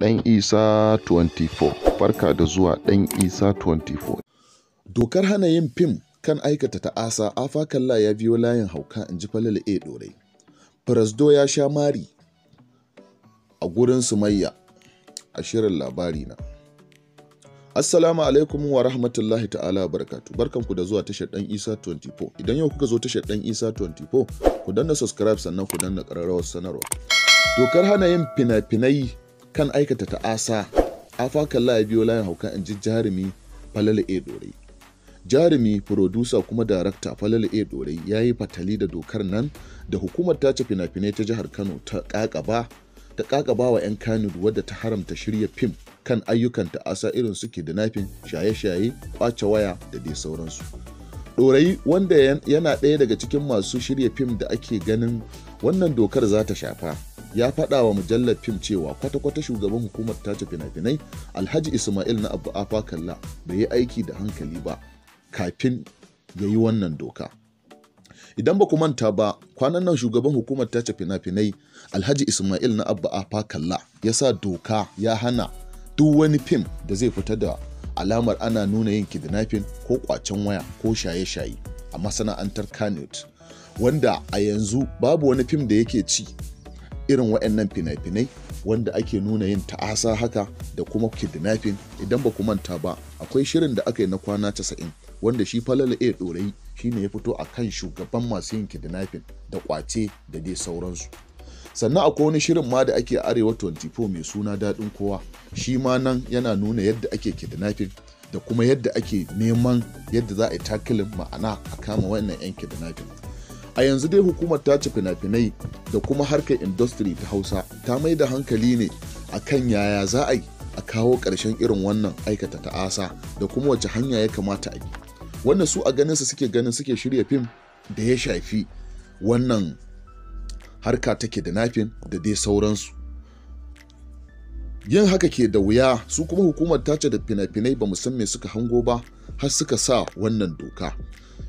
Ɗan Isa 24 Barka da zuwa Ɗan Isa 24 Dokar hana yin fim kan aikata ta'asa kalla ya biyo layin hauka in ji falala a ɗorai. farasdo ya sha mari a gurin Sumayya a shirin labari na. Assalamu alaikum wa rahmatullahi ta'ala barakatu. Barkanku da zuwa tashar Dan Isa 24. Idan yau kuka zo tashar Dan Isa 24, ku danna subscribe sannan ku danna ƙararrawar sanarwa. Dokar hana yin fina-finai kan aikata ta'asa afakan ya biyo layin hauka in ji jarumi falala a dorai jarumi furodusa kuma darakta falala a dorai ya yi fatali da dokar nan da hukumar tace fina-finai ta jihar kano ta kakaba ta kakaba wa 'yan kano wadda ta haramta shirya fim kan ayyukan ta'asa irin suke da nafin shaye-shaye kwace waya da dai sauransu dorai wanda yana ɗaya daga cikin masu shirya fim da ake ganin wannan dokar za ta shafa ya faɗa wa mujallar fim cewa kwata-kwata shugaban hukumar tace fina-finai alhaji ismail na abu afa kalla bai yi aiki da hankali ba kafin ya yi wannan doka idan ba ku manta ba kwanan nan shugaban hukumar tace fina-finai alhaji ismail na abu afa kalla ya sa doka ya hana duk wani fim da zai fita da alamar ana nuna yin kidnapping ko kwacen waya ko shaye-shaye a masana'antar kanut wanda a yanzu babu wani fim da yake ci irin waɗannan fina-finai wanda ake nuna yin ta'asa haka da kuma kidnapping idan ba ku manta ba akwai shirin da aka yi na kwana casa'in wanda shi falala a ɗorayi shine ya fito a kan shugaban masu yin kidnapping da kwace da dai sauransu sannan akwai wani shirin ma da ake arewa 24 mai suna daɗin kowa shi ma nan yana nuna yadda ake kidnapping da kuma yadda ake neman yadda za a yi takilin ma'ana a kama wannan 'yan kidnapping a yanzu dai hukumar ta ci fina-finai da kuma harkar industry ta hausa ta mai da hankali ne a kan yaya za a yi a kawo ƙarshen irin wannan aikata ta'asa da kuma wace hanya ya kamata a yi wannan su a ganin ganinsa suke ganin suke shirya fim da ya shafi wannan harka take da nafin da dai sauransu yin haka ke da wuya su kuma hukumar tace da fina-finai ba san me suka hango ba har suka sa wannan doka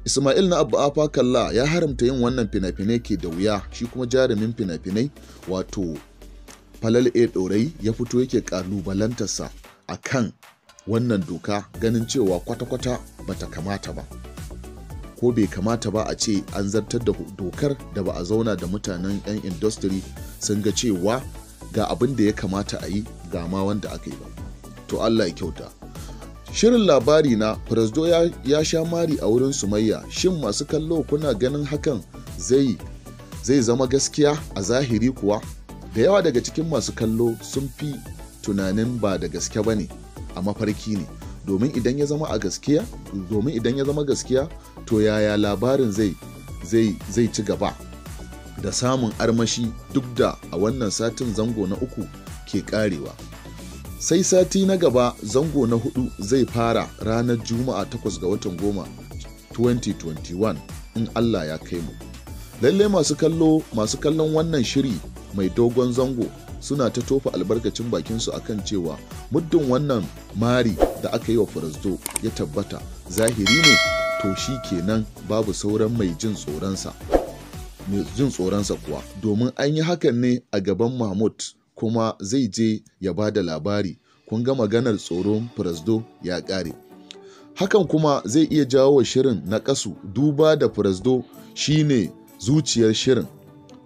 Ismail na Abba Afa Kalla ya haramta yin wannan fina-finai ke da wuya shi kuma jarumin fina-finai wato Falal A ya fito yake ƙalubalantarsa a kan wannan doka ganin cewa kwata-kwata bata kamata ba. Ko bai kamata ba a ce an zartar da dokar da ba a zauna da mutanen 'yan industry sun ga cewa ga abin da ya kamata a yi ga ma wanda aka yi ba. To Allah ya kyauta. Shirin labari na Firazdo ya sha mari a wurin Sumayya, shin masu kallo kuna ganin hakan zai zai zama gaskiya a zahiri kuwa? Da yawa daga cikin masu kallo sun fi tunanin ba da gaske ba ne, a mafarki ne. Domin idan ya zama a gaskiya, domin idan ya zama gaskiya, to yaya labarin zai zai zai ci gaba da samun armashi duk da a wannan satin zango na uku ke karewa. sai sati na gaba zango na hudu zai fara ranar juma'a 8 ga watan goma 2021 in allah ya kai mu lallai masu kallo masu kallon wannan shiri mai dogon zango suna ta tofa albarkacin bakinsu kan cewa muddin wannan mari da aka yi wa farazdo ya tabbata zahiri ne to shi kenan babu sauran mai jin tsoronsa kuwa domin an yi hakan ne a gaban mahmud kuma zai je ya ba da labari kun ga maganar tsoron firasdo ya ƙare hakan kuma zai iya jawo shirin na ƙasu duba da firasdo shine zuciyar shirin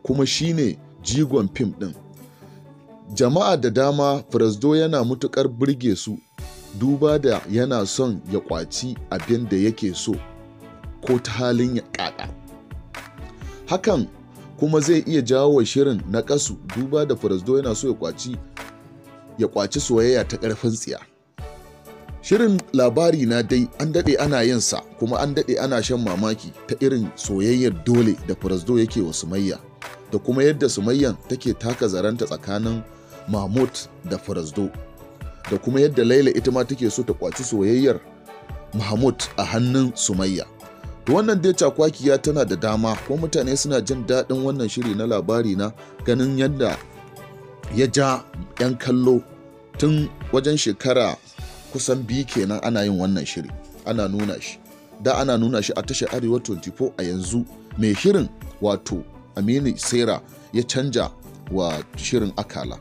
kuma shine jigon fim ɗin jama'a da dama firasdo yana mutuƙar birge su duba da yana son ya ƙwaci abin da yake so ko ta halin ya ƙaƙa hakan kuma zai iya jawo wa shirin na kasu duba da Farazdo yana so ya kwaci ya kwaci soyayya ta karfin tsiya. Shirin labari na dai an daɗe ana yin sa kuma an daɗe ana shan mamaki ta irin soyayyar dole da Farazdo yake wa Sumayya da kuma yadda Sumayyan take taka zaranta tsakanin Mahmud da Farazdo da kuma yadda Laila ita ma take so ta kwaci soyayyar Mahmud a hannun Sumayya. To wannan dai cakwakiya tana da dama kuma mutane suna jin daɗin wannan shiri na labari na ganin yadda ya ja 'yan kallo tun wajen shekara kusan biyu kenan ana yin wannan shiri ana nuna shi da ana nuna shi a tashar arewa 24 a yanzu mai shirin wato aminu sera ya canja wa shirin akala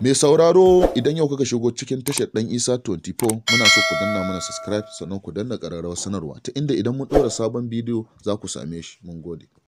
Mai sauraro idan yau kuka shigo cikin tashar Dan Isa 24 muna so ku danna mana subscribe sannan ku danna ƙararrawar sanarwa ta inda idan mun ɗora sabon bidiyo za ku same shi. Mun gode.